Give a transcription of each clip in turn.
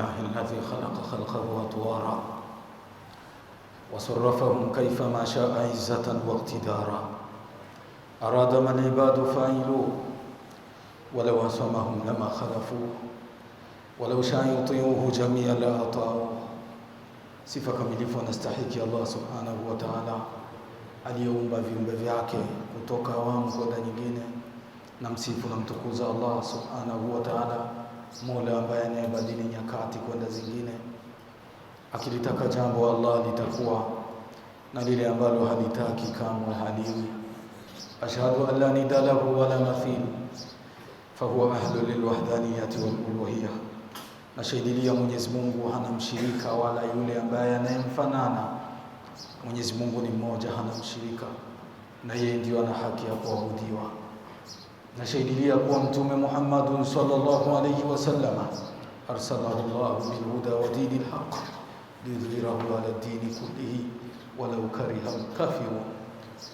الله الذي خلق خلقه أطوارا وصرفهم كيفما شاء عزة واقتدارا أراد من عباد فعلوا ولو أسمهم لما خلفوا ولو شاء يطيعوه جميعا لأطاعوا صفة كاملة يا الله سبحانه وتعالى اليوم بفيوم بفيعك وتوكا وام ودا نمسيف نمتقوز الله سبحانه وتعالى Mola ambaye anayebadili nyakati kwenda zingine, akilitaka jambo Allah litakuwa, na lile ambalo halitaki kamwe haliwi. Ashhadu an la nida lahu wala mathil fahuwa ahlu lilwahdaniyati waluluhiyah, nashahidilia Mwenyezi Mungu hana mshirika wala yule ambaye anayemfanana. Mwenyezi Mungu ni mmoja, hana mshirika, na yeye ndio ana haki ya kuabudiwa nashahidilia kuwa Mtume Muhammadun sallallahu alayhi wasallam arsalahu llahu bilhuda wa dini lhaq lidhhirahu ala dini kullihi walau kariha lkafirun,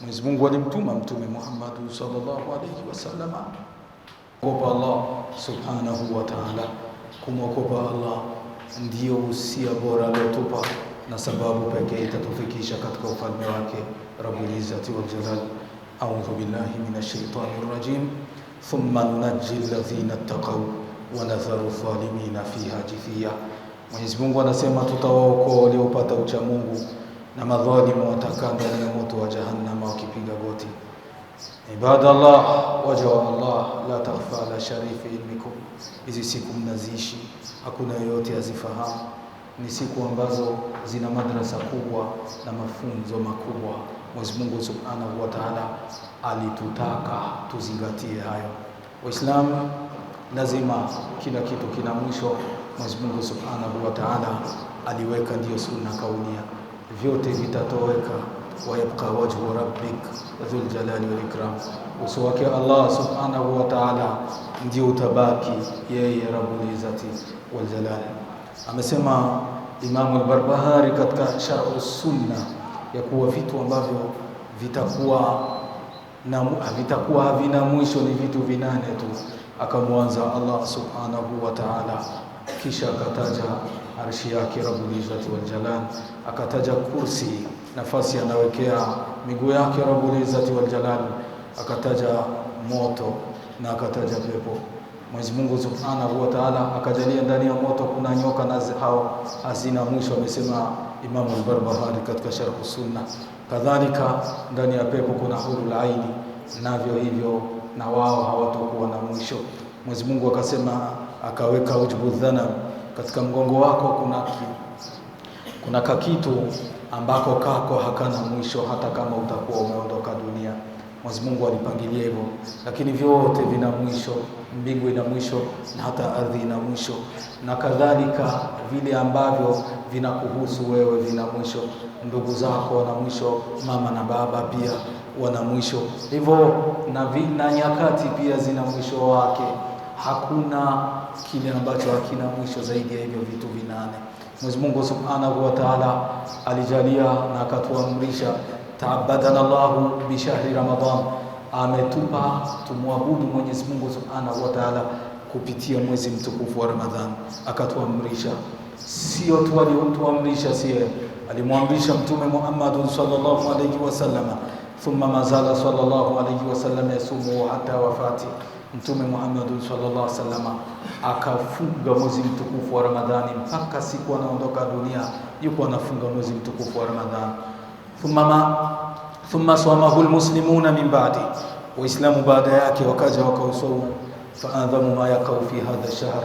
Mwenyezi Mungu alimtuma Mtume Muhammadun sallallahu alayhi wasallam kuogopa Allah subhanahu wa ta'ala. Kumwogopa Allah ndiyo usia bora aliotupa na sababu pekee itatufikisha katika ufalme wake Rabbul Izzati wal Jalal. Audhu billahi minash shaitani rajim thumma nunajji alladhina taqaw wa nadharu dhalimina fiha jithiya. Mwenyezi Mungu anasema tutawaokoa waliopata ucha Mungu na madhalimu watakaa ndani ya moto wa jahannama wakipiga goti. Ibadallah, waja wa Allah, la takhfa ala sharifi ilmikum. Hizi siku mnaziishi, hakuna yoyote azifahamu. Ni siku ambazo zina madrasa kubwa na mafunzo makubwa. Mwenyezi Mungu Subhanahu wa Ta'ala alitutaka tuzingatie hayo. Waislamu, lazima kila kitu kina mwisho. Mwenyezi Mungu Subhanahu wa Ta'ala aliweka ndio sunna kaunia, vyote vitatoweka, yabqa wajhu rabbik dhul jalali wal ikram, uso wake Allah Subhanahu wa Ta'ala ndio utabaki yeye rabbul izzati wal jalali. Amesema Imam al-Barbahari katika Sharh sunnah ya kuwa vitu ambavyo vitakuwa na vitakuwa havina mwisho, ni vitu vinane tu. Akamwanza Allah subhanahu wa ta'ala, kisha akataja arshi yake Rabbul Izzati wal Jalal, akataja kursi, nafasi anawekea miguu yake Rabbul Izzati wal Jalal, akataja moto na akataja pepo. Mwenyezi Mungu Subhanahu wa Ta'ala akajalia ndani ya moto kuna nyoka na hao hazina mwisho, amesema Imam al-Barbahari katika Sharh Sunna. Kadhalika ndani ya pepo kuna hurul aini, navyo hivyo na wao hawatakuwa na mwisho. Mwenyezi Mungu akasema, akaweka ujubu dhanab, katika mgongo wako kuna kuna kakitu ambako kako hakana mwisho, hata kama utakuwa umeondoka dunia. Mwenyezi Mungu alipangilia hivyo, lakini vyote vina mwisho mbingu ina mwisho na hata ardhi ina mwisho, na kadhalika vile ambavyo vinakuhusu wewe vina mwisho, ndugu zako wana mwisho, mama na baba pia wana mwisho, hivyo na, na nyakati pia zina mwisho wake. Hakuna kile ambacho hakina mwisho zaidi ya hivyo vitu vinane. Mwenyezi Mungu Subhanahu wa Ta'ala alijalia na akatuamrisha, taabadana Allahu bishahri Ramadan ametupa tumwabudu Mwenyezi Mungu Subhanahu wa Ta'ala kupitia mwezi mtukufu wa Ramadhan, akatuamrisha sio tu aliotuamrisha sie, alimwamrisha Mtume Muhammad sallallahu alayhi wasallam, thumma mazala sallallahu alayhi wasallam yasumu hata wafati. Mtume Muhammad sallallahu alayhi wasallam akafunga mwezi mtukufu wa Ramadhani mpaka siku anaondoka dunia, yuko anafunga mwezi mtukufu wa Ramadhani thumma thumma samahu almuslimuna min ba'di, Waislamu baada yake wakaja wakausoma. Faadhamu ma yakau fi hadha shahr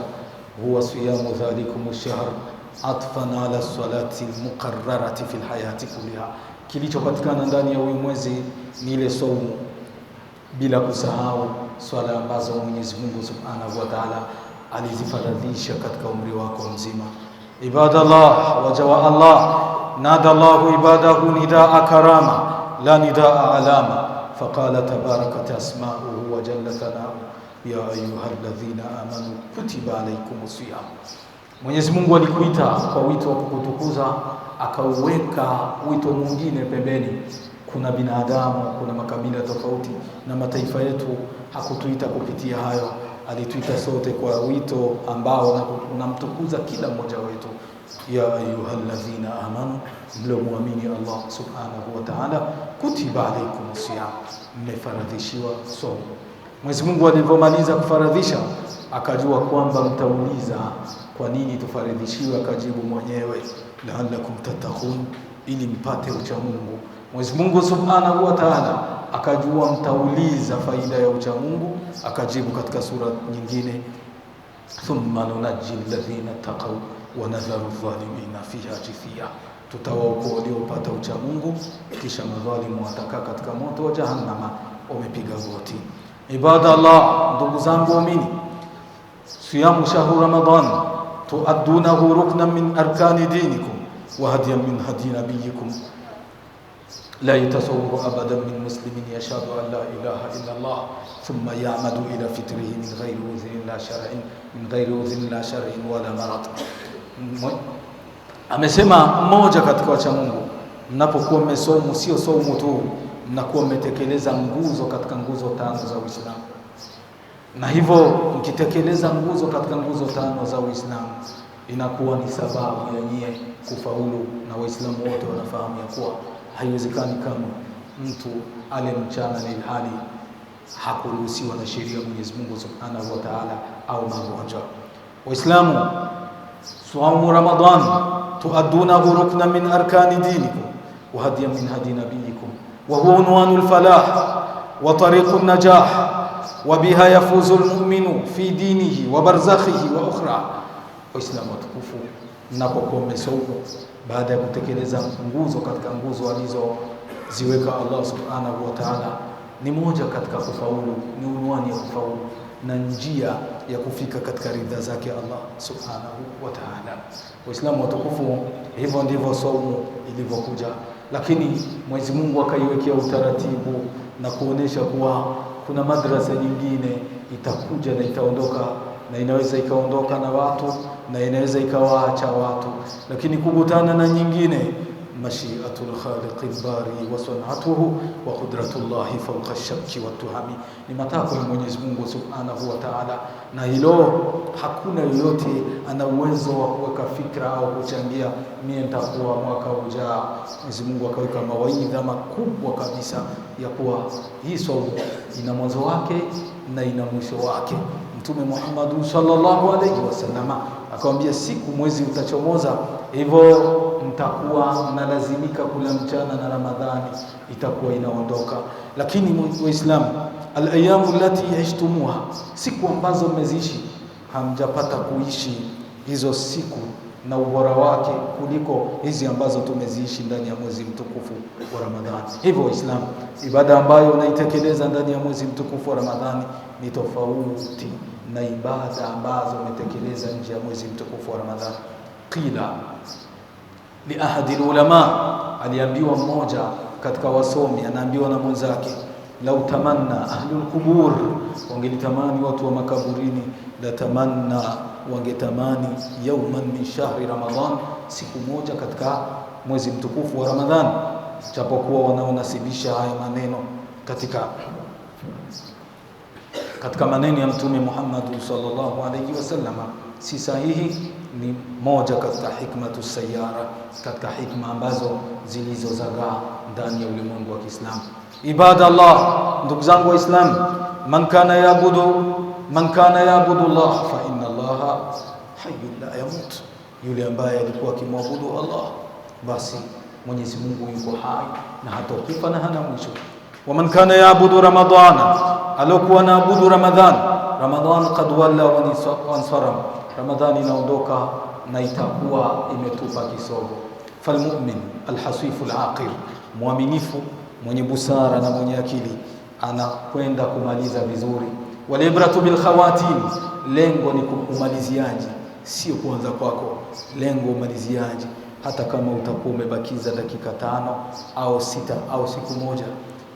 huwa siyamu dhalikum shahr atfan ala salati almuqarrarati fi alhayati kulliha, kilichopatikana ndani ya huyu mwezi ni ile saumu, bila kusahau swala ambazo Mwenyezi Mungu Subhanahu wa Ta'ala alizifaradhisha katika umri wako mzima. Ibadallah, wajawa Allah, nada Allahu ibadahu nidaa karama la nidaa alama faqala tabarakat asmauhu wa jalla thanau ya ayuha alladhina amanu kutiba alaykum siyam. Mwenyezi Mungu alikuita kwa wito wa kukutukuza, akauweka wito mwingine pembeni. Kuna binadamu, kuna makabila tofauti na mataifa yetu, hakutuita kupitia hayo, alituita sote kwa wito ambao unamtukuza kila mmoja wetu ya ayyuhalladhina amanu, mlomwamini Allah subhanahu wa ta'ala, kutiba alaykum siyam, mmefaradhishiwa somo. Mwenyezi Mungu alivyomaliza kufaradhisha akajua kwamba mtauliza kwa nini tufaradhishiwe, akajibu mwenyewe la'allakum tattaqun, ili mpate ucha Mungu. Mwenyezi Mungu subhanahu wa ta'ala akajua mtauliza faida ya ucha Mungu, akajibu katika sura nyingine, thumma nunajji alladhina taqaw ونذر الظالمين فيها جثيا تتوقع اليوم باتوجا مونغو كيشا مظالم واتاكاكا كاموت وجهنم ومبيغا غوتي عباد الله دوغزان بومين صيام شهر رمضان تؤدونه ركنا من اركان دينكم وهديا من هدي نبيكم لا يتصور ابدا من مسلم يشهد ان لا اله الا الله ثم يعمد الى فطره من غير اذن لا شرع من غير اذن لا شرع ولا مرض amesema mmoja katika wacha Mungu, mnapokuwa mmesomu sio saumu tu, mnakuwa mmetekeleza nguzo katika nguzo tano za Uislamu. Na hivyo mkitekeleza nguzo katika nguzo tano za Uislamu inakuwa ni sababu ya nyie kufaulu, na Waislamu wote wanafahamu ya kuwa haiwezekani kama mtu ale mchana hali hakuruhusiwa na sheria ya Mwenyezi Mungu Subhanahu wa Ta'ala au mambo hayo. Waislamu صوم رمضان تؤدونه ركنا من أركان دينكم وهديا من هدي نبيكم وهو عنوان الفلاح وطريق النجاح وبها يفوز المؤمن في دينه وبرزخه وأخرى وإسلام وتكفو نقوم مسوكم بعد أن kutekeleza nguzo katika nguzo alizoziweka Allah الله سبحانه وتعالى ni كتك katika kufaulu ni unwani ya kufika katika ridha zake Allah subhanahu wa ta'ala. Waislamu watukufu, hivyo ndivyo saumu ilivyokuja, lakini Mwenyezi Mungu akaiwekea utaratibu na kuonesha kuwa kuna madrasa nyingine itakuja na itaondoka na inaweza ikaondoka na watu na inaweza ikawaacha watu, lakini kukutana na nyingine mashiatu lkhaliqi lbari wa sanatuhu wa qudratu llahi fauka shakki watuhami, ni matakwa ya Mwenyezi Mungu subhanahu wa taala, na hilo hakuna yoyote ana uwezo wa kuweka fikra au kuchangia. Mie nitakuwa mwaka ujao, Mwenyezi Mungu akaweka mawaidha makubwa kabisa ya kuwa hii saumu ina mwanzo wake na ina mwisho wake. Mtume Muhammad sallallahu alaihi wasallama akamwambia, siku mwezi utachomoza hivyo mtakuwa mnalazimika kula mchana na Ramadhani itakuwa inaondoka. Lakini Waislamu, alayamu lati yaishtumuha, siku ambazo mmeziishi hamjapata kuishi hizo siku na ubora wake kuliko hizi ambazo tumeziishi ndani ya mwezi mtukufu wa Ramadhani. Hivyo Waislamu, ibada ambayo unaitekeleza ndani ya mwezi mtukufu wa Ramadhani ni tofauti na ibada ambazo umetekeleza nje ya mwezi mtukufu wa Ramadhani. qila li ahadi ulama, aliambiwa mmoja katika wasomi, anaambiwa na mwenzake, lau tamanna ahlul qubur, wangelitamani watu wa makaburini, latamanna wangetamani yauman min shahri Ramadan, siku moja katika mwezi mtukufu wa Ramadhan, japokuwa wanaonasibisha haya maneno katika katika maneno ya Mtume Muhammad sallallahu alaihi wasallam si sahihi ni moja katika hikmatu sayara, katika hikma ambazo zilizozagaa ndani ya ulimwengu wa Kiislamu. Ibada Allah, ndugu zangu Waislamu, man kana yabudu man kana yabudu Allah fa inna Allah hayyun la yamut, yule ambaye alikuwa akimwabudu Allah, basi Mwenyezi Mungu yuko hai na hatokufa na hana mwisho. Wa man kana yabudu Ramadhana, alokuwa naabudu Ramadhan, Ramadhan qad walla wa ansarama Ramadhani inaondoka na itakuwa imetupa kisogo. Falmumin alhasifu alaqil, muaminifu mwenye busara na mwenye akili anakwenda kumaliza vizuri. Walibratu bilkhawatim, lengo ni kumaliziaje, sio kuanza kwako, lengo umaliziaji hata kama utakuwa umebakiza dakika tano au sita au siku moja,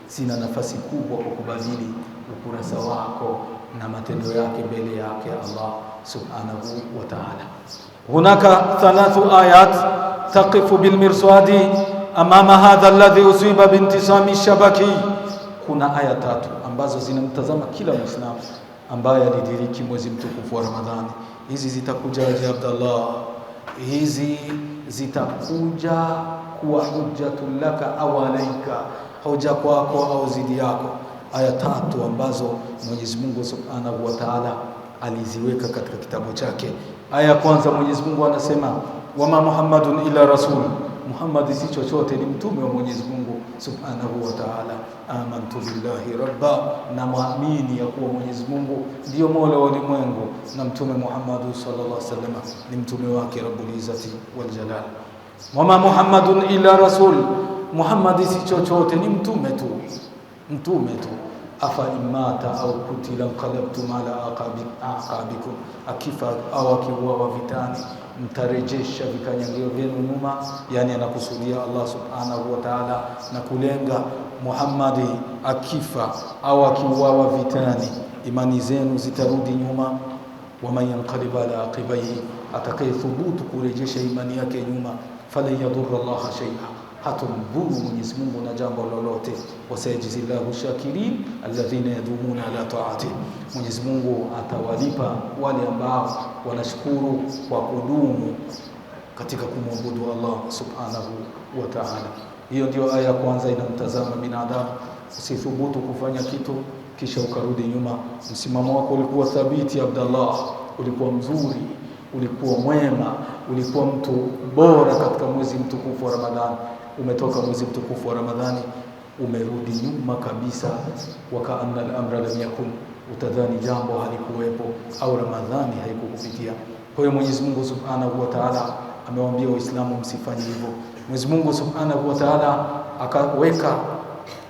zina nafasi kubwa kwa kubadili ukurasa wako na matendo yake mbele yake Allah subhanahu wa ta'ala. Hunaka thalathu ayat taqifu bilmirswadi amama hadha alladhi usiba bintisami shabaki, kuna aya tatu ambazo zinamtazama kila Muislamu ambaye alidiriki mwezi mtukufu wa Ramadhani. Hizi zitakuja ya Abdallah? Hizi zitakuja kuwa hujjatun laka au alaika, hoja kwako au zidi yako, aya tatu ambazo Mwenyezi Mungu subhanahu wa ta'ala aliziweka katika kitabu chake. Aya ya kwanza Mwenyezi Mungu anasema wama Muhammadun ila rasul, Muhammad si chochote, ni mtume wa Mwenyezi Mungu subhanahu wa taala. Amantu billahi rabba, na muamini ya kuwa Mwenyezi Mungu ndio mola wa ulimwengu na mtume Muhammadu sallallahu alaihi wasallam ni mtume wake rabbul izzati wal jalal. Wama Muhammadun ila rasul, Muhammad si chochote, ni mtume tu, mtume tu afa imata au kutila nqalabtum ala aqabikum, akifa au akiuawa vitani mtarejesha vikanyagio vyenu nyuma. Yani anakusudia Allah subhanahu wa ta'ala na kulenga Muhammadi, akifa au akiuawa vitani imani zenu zitarudi nyuma. Waman yanqalib ala aqibaihi, atakayethubutu kurejesha imani yake nyuma, falan yadurra Allah shay'a hatumdhulumu Mwenyezi Mungu na jambo lolote. Wasayajzillahu shakirin alladhina yadumuna ala taati, Mwenyezi Mungu atawalipa wale ambao wanashukuru kwa kudumu katika kumwabudu Allah subhanahu wa ta'ala. Hiyo ndio aya ya kwanza inamtazama binadamu. Usithubutu kufanya kitu kisha ukarudi nyuma. Msimamo wako ulikuwa thabiti, Abdallah, ulikuwa mzuri, ulikuwa mwema, ulikuwa mtu bora katika mwezi mtukufu wa Ramadhani umetoka mwezi mtukufu wa Ramadhani umerudi nyuma kabisa, wakaana al-amra lam yakun, utadhani jambo halikuwepo au Ramadhani haikukupitia. Kwa hiyo Mwenyezi Mungu Subhanahu wa Ta'ala amewaambia Waislamu msifanye hivyo. Mwenyezi Mungu Subhanahu wa Ta'ala akaweka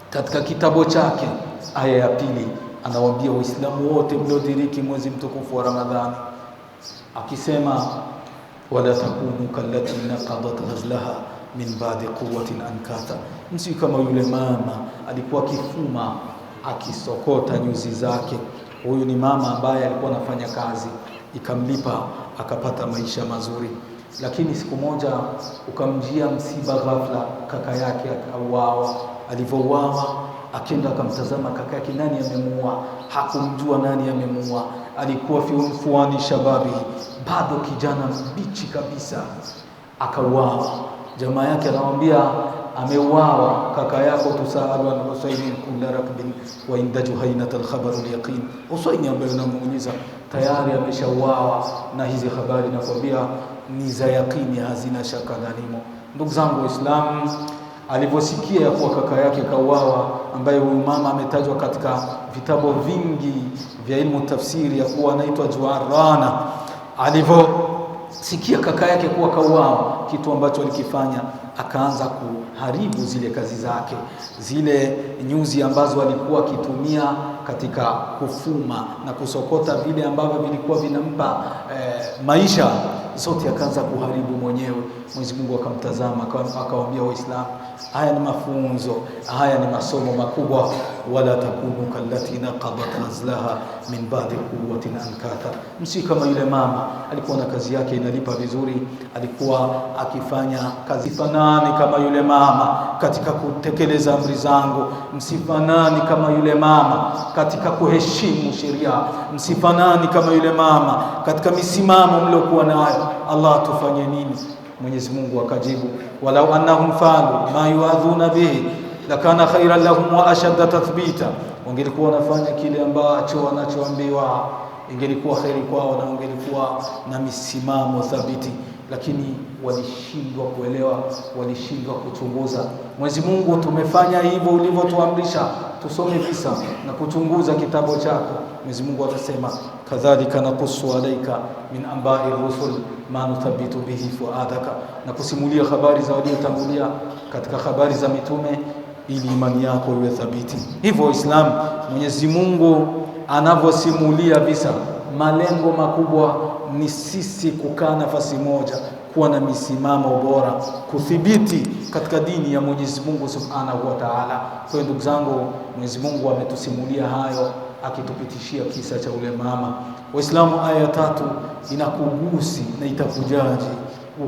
katika kitabu chake aya ya pili, anawaambia Waislamu wote mliodiriki mwezi mtukufu wa Ramadhani akisema, wala takunu kallati naqadat ghazlaha min baadhi quwwatin ankatha, msi kama yule mama alikuwa akifuma akisokota nyuzi zake. Huyu ni mama ambaye alikuwa anafanya kazi ikamlipa akapata maisha mazuri, lakini siku moja ukamjia msiba ghafla, kaka yake akauawa. Alivyouawa akenda akamtazama kaka yake, nani amemuua? Hakumjua nani amemuua, alikuwa fuani shababi, bado kijana mbichi kabisa, akauawa. Jamaa yake anamwambia ameuawa kaka yako tusahalu na Usaini kula rakbin wa inda juhainat alkhabaru alyaqin. Usaini ambaye unamuuliza tayari ameshauawa, na hizi habari nakwambia ni za yakini, hazina shaka dhalimo. Ndugu zangu Waislamu, alivyosikia ya kuwa kaka yake kauawa, ambaye huyu mama ametajwa katika vitabu vingi vya ilmu tafsiri ya kuwa anaitwa Juarana, alivyosikia kaka yake kuwa kauawa kitu ambacho alikifanya, akaanza kuharibu zile kazi zake, zile nyuzi ambazo alikuwa akitumia katika kufuma na kusokota vile ambavyo vilikuwa vinampa eh, maisha zote, akaanza kuharibu mwenyewe. Mwenyezi Mungu akamtazama, akawaambia Waislamu Haya ni mafunzo, haya ni masomo makubwa. wala takunu kallati naqadat ghazlaha min ba'di quwwatin ankatha, msi kama yule mama alikuwa na kazi yake inalipa vizuri, alikuwa akifanya kazi. Fanani kama yule mama katika kutekeleza amri zangu, msifanani kama yule mama katika kuheshimu sheria, msifanani kama yule mama katika misimamo mliokuwa nayo. Allah, tufanye nini? Mwenyezi Mungu akajibu, walau annahum faalu ma yuadhuna bihi lakana khairan lahum wa ashadda tathbita, wangelikuwa wanafanya kile ambacho wanachoambiwa ingelikuwa kheri kwao na wangelikuwa na misimamo thabiti, lakini walishindwa kuelewa, walishindwa kuchunguza. Mwenyezi Mungu, tumefanya hivyo ulivyotuamrisha tusome visa na kuchunguza kitabu chako. Mwenyezi Mungu atasema, kadhalika nakusu alaika min ambai rusul ma nuthabitu bihi fuadaka, na kusimulia habari za waliotangulia katika habari za mitume ili imani yako iwe thabiti. Hivyo Waislamu, Mwenyezi Mungu anavyosimulia visa, malengo makubwa ni sisi kukaa nafasi moja, kuwa na misimamo bora, kuthibiti katika dini ya Mwenyezi Mungu Subhanahu wa Ta'ala. Kwa hiyo ndugu zangu, Mwenyezi Mungu ametusimulia hayo akitupitishia kisa cha ule mama. Waislamu, aya ya tatu inakugusi na itakujaji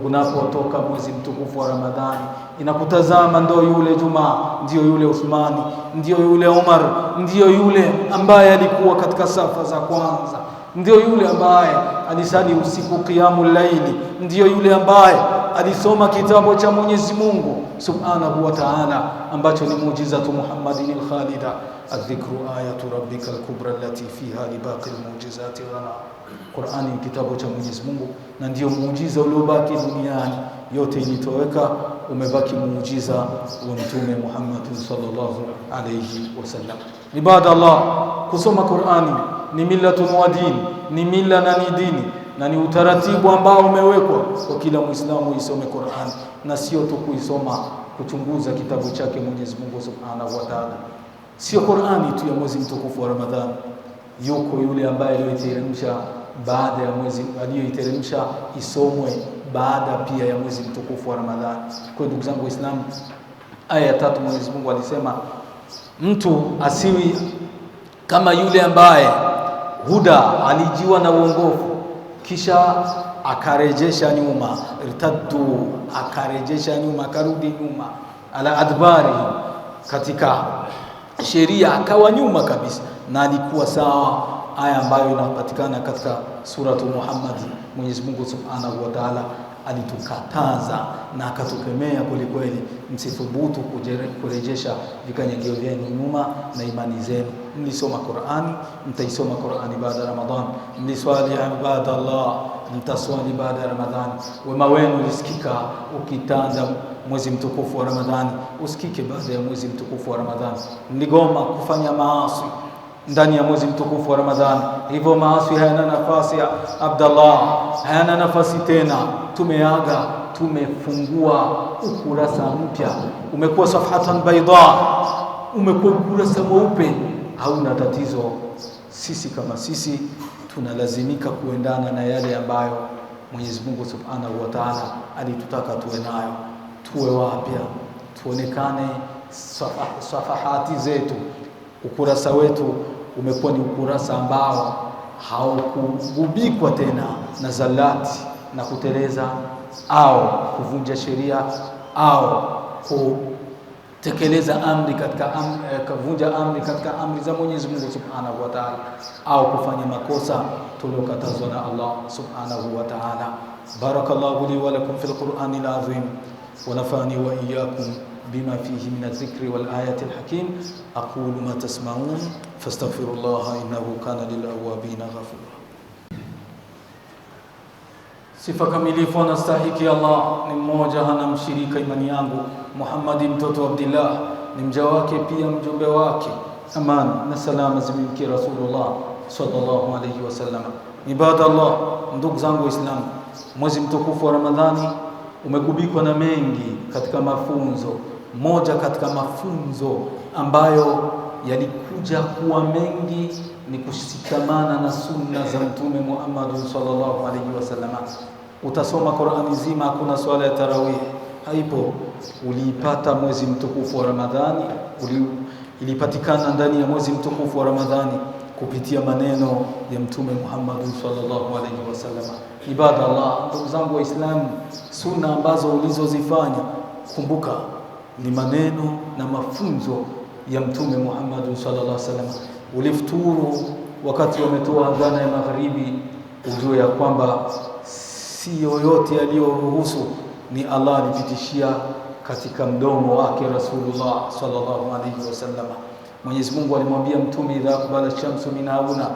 unapotoka mwezi mtukufu wa Ramadhani, inakutazama ndio yule Juma, ndio yule Uthmani, ndio yule Umar, ndio yule ambaye alikuwa katika safa za kwanza, ndio yule ambaye alisali usiku kiamu laili, ndio yule ambaye alisoma kitabu cha Mwenyezi Mungu Subhanahu wa Ta'ala ambacho ni muujizatu Muhammadin al-Khalida adh ayatu rabbika al-kubra allati fiha libaqi al mujizati lana Qur'ani ni kitabu cha Mwenyezi Mungu na ndiyo muujiza uliobaki duniani yote ilitoweka umebaki muujiza wa mtume Muhammad sallallahu alayhi wasallam ibada Allah kusoma Qur'ani ni millatun wa din, ni mila na ni dini na ni utaratibu ambao umewekwa kwa kila Muislamu isome Qur'an, na sio tu kuisoma, kuchunguza kitabu chake Mwenyezi Mungu Subhanahu wa Ta'ala. Sio Qur'ani tu ya mwezi mtukufu wa Ramadhani, yuko yule ambaye aliyoiteremsha baada ya mwezi aliyoiteremsha isomwe baada pia ya mwezi mtukufu wa Ramadhani. Kwa ndugu zangu Waislamu, aya ya tatu Mwenyezi Mungu alisema mtu asiwi kama yule ambaye huda alijiwa na uongofu kisha akarejesha nyuma, irtaddu, akarejesha nyuma, akarudi nyuma, ala adbari, katika sheria akawa nyuma kabisa, na alikuwa sawa. Aya ambayo inapatikana katika suratu Muhammad. Mwenyezi Mungu Subhanahu wa Ta'ala alitukataza na akatukemea kwelikweli, msithubutu kurejesha vikanyagio vyenu nyuma na imani zenu mlisoma Qurani, mtaisoma Qurani baada ya Ramadhan, mliswali ibadallah, mtaswali baada ya Ramadhani. Wema wenu ulisikika ukitanza mwezi mtukufu wa Ramadhani, usikike baada ya mwezi mtukufu wa Ramadhani. Mligoma kufanya maasi ndani ya mwezi mtukufu wa Ramadhani, hivyo maasi hayana nafasi ya Abdallah, hayana nafasi tena. Tumeaga, tumefungua ukurasa mpya, umekuwa safhatan baida, umekuwa ukurasa mweupe hauna tatizo. Sisi kama sisi tunalazimika kuendana na yale ambayo Mwenyezi Mungu Subhanahu wa Ta'ala alitutaka tuwe nayo, tuwe wapya, tuonekane safahati zetu, ukurasa wetu umekuwa ni ukurasa ambao haukugubikwa tena na zalati na kuteleza au kuvunja sheria au kutekeleza amri katika amri, kavunja amri katika amri za Mwenyezi Mungu Subhanahu wa Ta'ala, au kufanya makosa tuliokatazwa na Allah Subhanahu wa Ta'ala. Barakallahu li wa lakum fil Qur'anil azim wa nafani wa iyyakum bima fihi min adh-dhikri wal ayati al-hakim aqulu ma tasma'un fastaghfirullaha innahu kana lil awwabin ghafura Sifa kamilifu anastahiki Allah, ni mmoja hana mshirika. Imani yangu Muhammadi mtoto wa Abdillah ni mja wake, pia mjumbe wake. Amani na salama zimimkia Rasulullah sallallahu alayhi wasallam. Ibadallah, ndugu zangu Waislamu, mwezi mtukufu wa Ramadhani umegubikwa na mengi katika mafunzo. Moja katika mafunzo ambayo yalikuja kuwa mengi ni kushikamana na sunna za Mtume Muhammad sallallahu alaihi wasallam utasoma Qur'ani nzima hakuna swala ya tarawih, haipo. Uliipata mwezi mtukufu wa Ramadhani, ilipatikana ndani ya mwezi mtukufu wa Ramadhani kupitia maneno ya Mtume Muhammad sallallahu alaihi wasallam. Allah, ndugu zangu Waislamu, sunna ambazo ulizozifanya kumbuka, ni maneno na mafunzo ya Mtume Muhammad sallallahu alaihi wasallam. Ulifuturu wakati wametoa adhana ya magharibi, ujue ya kwamba si yoyote aliyoruhusu ni Allah alipitishia katika mdomo wake Rasulullah sallallahu alaihi wasallam. Mwenyezi Mungu alimwambia mtume idha aqbala shamsu min hauna,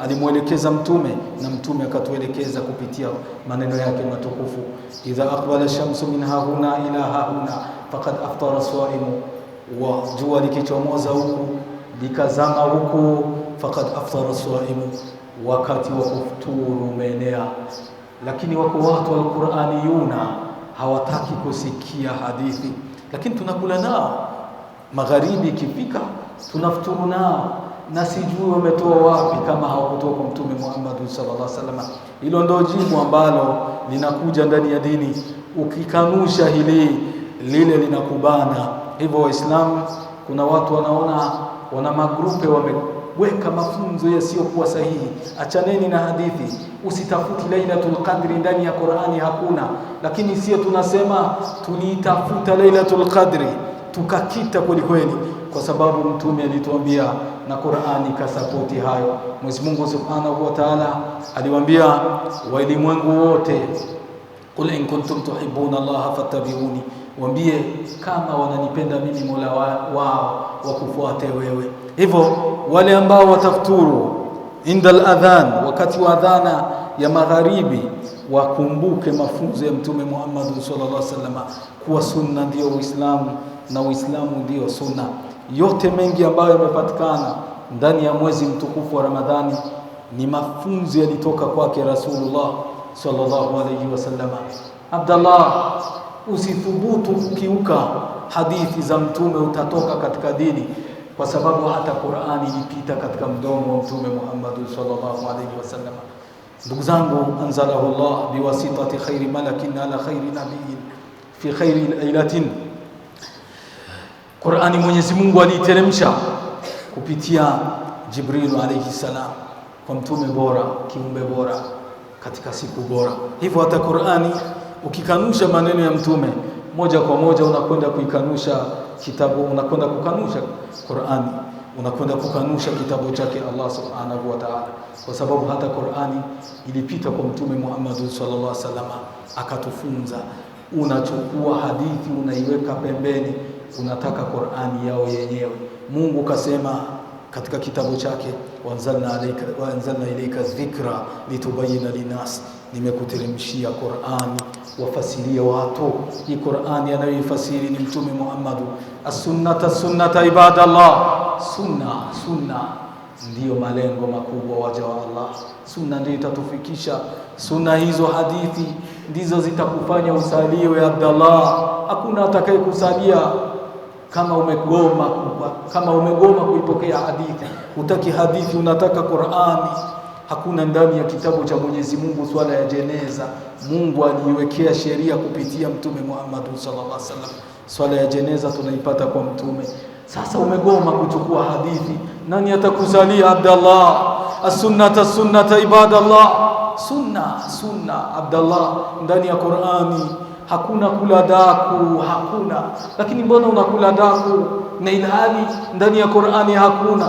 alimwelekeza mtume na mtume akatuelekeza kupitia maneno yake matukufu, idha aqbala shamsu min hauna ila hauna faqad aftara saimu, wa jua likichomoza huku likazama huku, faqad aftara saimu, wakati wa kufuturu umeenea lakini wako watu alquraniyuna hawataki kusikia hadithi, lakini tunakula nao magharibi ikifika tunafuturu nao na sijui wametoa wapi, kama hawakutoa kwa Mtume Muhammad sallallahu alaihi wasallam. Hilo ndio jibu ambalo linakuja ndani ya dini. Ukikanusha hili, lile linakubana. Hivyo Waislamu, kuna watu wanaona wana magrupe wame weka mafunzo yasiyokuwa sahihi, achaneni na hadithi. Usitafuti lailatul qadri ndani ya Qur'ani, hakuna. Lakini sio tunasema tuliitafuta lailatul qadri tukakita kwelikweli, kwa sababu mtume alituambia na Qur'ani kasapoti hayo. Mwenyezi Mungu Subhanahu wa Ta'ala aliwaambia walimwengu wote, qul in kuntum tuhibbuna Allah fattabi'uni, waambie kama wananipenda mimi mola wao wakufuate wewe Hivyo wale ambao watafuturu inda ladhan wakati wa adhana ya magharibi, wakumbuke mafunzo ya Mtume Muhammad sallallahu alaihi wasallam kuwa sunna ndio Uislamu na Uislamu ndio sunna. Yote mengi ambayo yamepatikana ndani ya mwezi mtukufu wa Ramadhani ni mafunzo yalitoka kwake Rasulullah sallallahu alaihi wasallam. Abdallah, usithubutu kukiuka hadithi za Mtume, utatoka katika dini kwa sababu hata Qur'ani ilipita katika mdomo wa Mtume Muhammad sallallahu alaihi wasallam. Ndugu zangu, anzalahu Allah biwasitati khairi malakin ala khairi nabiyin fi khairi lailatin, Qur'ani Mwenyezi Mungu aliiteremsha kupitia Jibril alayhi salam kwa mtume bora, kiumbe bora katika siku bora. Hivyo hata Qur'ani ukikanusha maneno ya mtume moja kwa moja unakwenda kuikanusha kitabu, unakwenda kukanusha Qur'ani, unakwenda kukanusha kitabu chake Allah subhanahu wa ta'ala, kwa sababu hata Qur'ani ilipita kwa Mtume Muhammad sallallahu alaihi wasallam akatufunza. Unachukua hadithi unaiweka pembeni, unataka Qur'ani yao yenyewe. Mungu kasema katika kitabu chake wa anzalna ilaika dhikra litubayina linas, nimekuteremshia Qur'ani wafasirie watu. Hii Qur'ani anayoifasiri ni Mtume Muhammadu. As-sunnata sunnata ibadallah, sunna sunna ndiyo malengo makubwa waja wa Allah. Sunna ndiyo itatufikisha. Sunna hizo hadithi ndizo zitakufanya usaliwe. Abdallah, hakuna atakaye kusalia kama umegoma kama umegoma kuipokea hadithi, hutaki hadithi, unataka Qur'ani, hakuna ndani ya kitabu cha Mwenyezi Mungu swala ya jeneza. Mungu aliiwekea sheria kupitia Mtume Muhammad sallallahu alaihi wasallam. Swala ya jeneza tunaipata kwa Mtume. Sasa umegoma kuchukua hadithi, nani atakuzalia Abdallah? as-sunnata sunnata ibadallah, sunna sunna Abdallah ndani ya Qur'ani hakuna kula daku, hakuna. Lakini mbona unakula daku na ilhali ndani ya Qur'ani hakuna?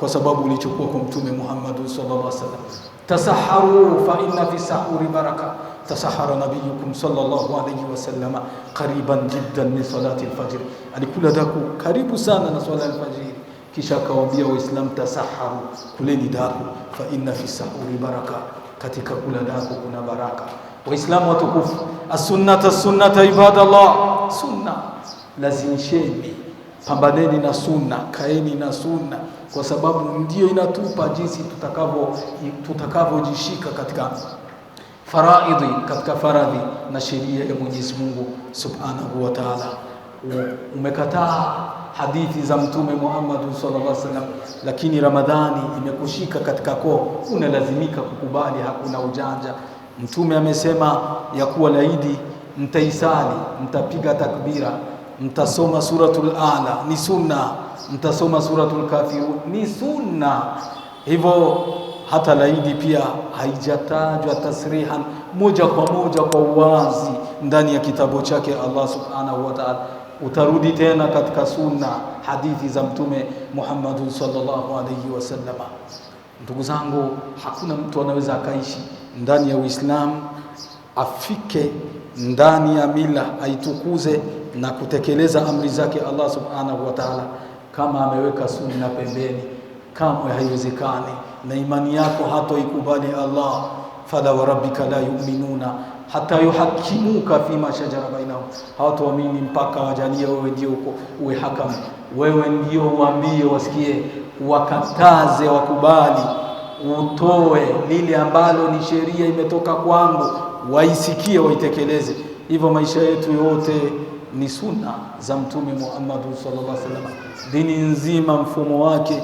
Kwa sababu ulichukua kwa Mtume Muhammad sallallahu alaihi wasallam, tasaharu fa inna fi sahuri baraka, tasahara nabiyukum sallallahu alaihi wasallama qariban jiddan min salati alfajr. Alikula daku karibu sana na swala alfajiri, kisha akawaambia Waislamu, tasaharu, kuleni daku, fa inna fi sahuri baraka, katika kula daku kuna baraka. Waislamu watukufu, assunnata sunnata ibadallah, sunna lazimisheni, pambaneni na sunna, kaeni na sunna, kwa sababu ndiyo inatupa jinsi tutakavyo tutakavyojishika katika faraidhi, katika faradhi na sheria ya Mwenyezi Mungu Subhanahu wa Ta'ala. Umekataa hadithi za Mtume Muhammad sallallahu alaihi wasallam, lakini Ramadhani imekushika katika koo, unalazimika kukubali, hakuna ujanja. Mtume amesema ya kuwa laidi mtaisali, mtapiga takbira, mtasoma suratul Ala ni sunna, mtasoma suratul Kafirun ni sunna. Hivyo hata laidi pia haijatajwa tasrihan moja kwa moja kwa uwazi ndani ya kitabu chake Allah subhanahu wa ta'ala. Utarudi tena katika sunna, hadithi za Mtume Muhammadun sallallahu alayhi wasallam. Ndugu zangu, hakuna mtu anaweza akaishi ndani ya Uislamu, afike ndani ya mila, aitukuze na kutekeleza amri zake Allah subhanahu wa ta'ala. Kama ameweka sunna pembeni, kamwe haiwezekani, na imani yako hatoikubali Allah. Fala wa rabbika la yu'minuna hata yuhakimuka fima shajara bainahum, hawatuamini mpaka wajalie wewe ndio uko uwe hakamu, wewe ndio uambie, wasikie, wakataze, wakubali utoe lile ambalo ni sheria imetoka kwangu, waisikie waitekeleze. Hivyo maisha yetu yote ni sunna za Mtume Muhammad sallallahu alaihi wasallam. Dini nzima mfumo wake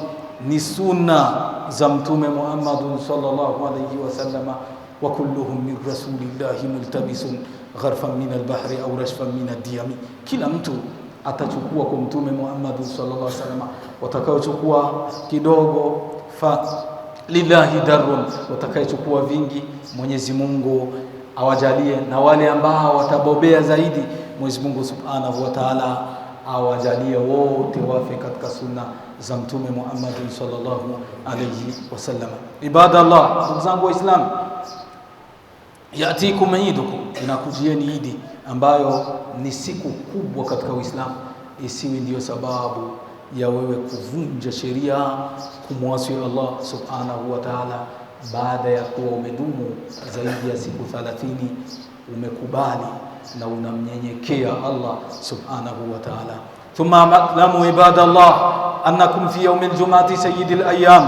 ni sunna za Mtume Muhammad sallallahu alaihi wasallam. wa kulluhum min rasulillahi multabisun gharfan min albahri au rashfan min adyami, kila mtu atachukua kwa Mtume Muhammad sallallahu alaihi wasallam, watakaochukua kidogo fa lillahi darun, watakayechukua vingi Mwenyezi Mungu awajalie, na wale ambao watabobea zaidi Mwenyezi Mungu Subhanahu wa Ta'ala awajalie wote wafe katika sunna za Mtume Muhammad sallallahu alayhi wasallam. Ibadallah, ndugu zangu waislam yatikum idukum, inakujieni idi ambayo ni siku kubwa katika Uislamu, isiwi ndiyo sababu ya wewe kuvunja sheria kumwasi Allah subhanahu wa ta'ala, baada ya kuwa umedumu zaidi ya siku 30 umekubali na unamnyenyekea Allah subhanahu wa ta'ala. Thumma ma'lamu ibadallah annakum fi yawmi aljum'ati sayyidil ayyam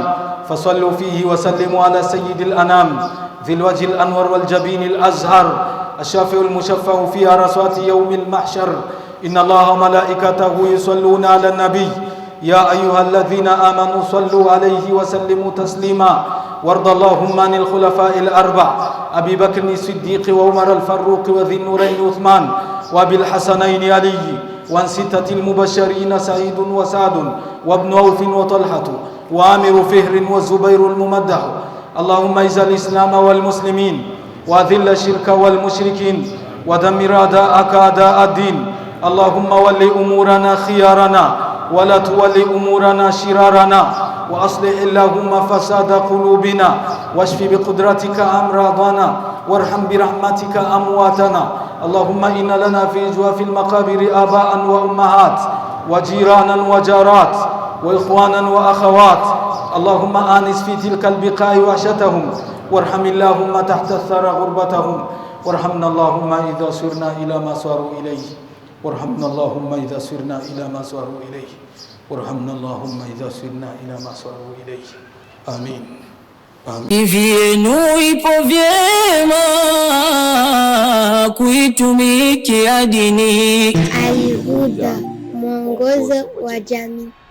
fasallu fihi wa sallimu ala sayyidil anam dhil wajhil anwar wal jabinil azhar الشافع المشفع في عرصات يوم المحشر إن الله ملائكته يصلون على النبي يا أيها الذين آمنوا صلوا عليه وسلموا تسليما وارض اللهم عن الخلفاء الأربع أبي بكر الصديق وعمر الفاروق وذي النورين عثمان وأبي الحسنين علي وان ستة المبشرين سعيد وسعد وابن عوف وطلحة وامر فهر والزبير الممدح اللهم اعز الإسلام والمسلمين وأذل الشرك والمشركين ودمر أعداءك أعداء الدين اللهم ول أمورنا خيارنا ولا تولي أمورنا شرارنا وأصلح اللهم فساد قلوبنا واشف بقدرتك أمراضنا وارحم برحمتك أمواتنا اللهم إن لنا في جواف المقابر آباء وأمهات وجيرانا وجارات وإخوانا وأخوات اللهم آنس في تلك البقاع وحشتهم وارحم اللهم تحت الثرى غربتهم وارحمنا اللهم إذا سرنا إلى ما صاروا إليه warhamna Allahumma idha sirna ila ma saru ilayhi warhamna Allahumma idha sirna ila ma saru ilayhi amin. Hivi ipo vyema kuitumikia dini Alhuda, mwongozo wa jamii.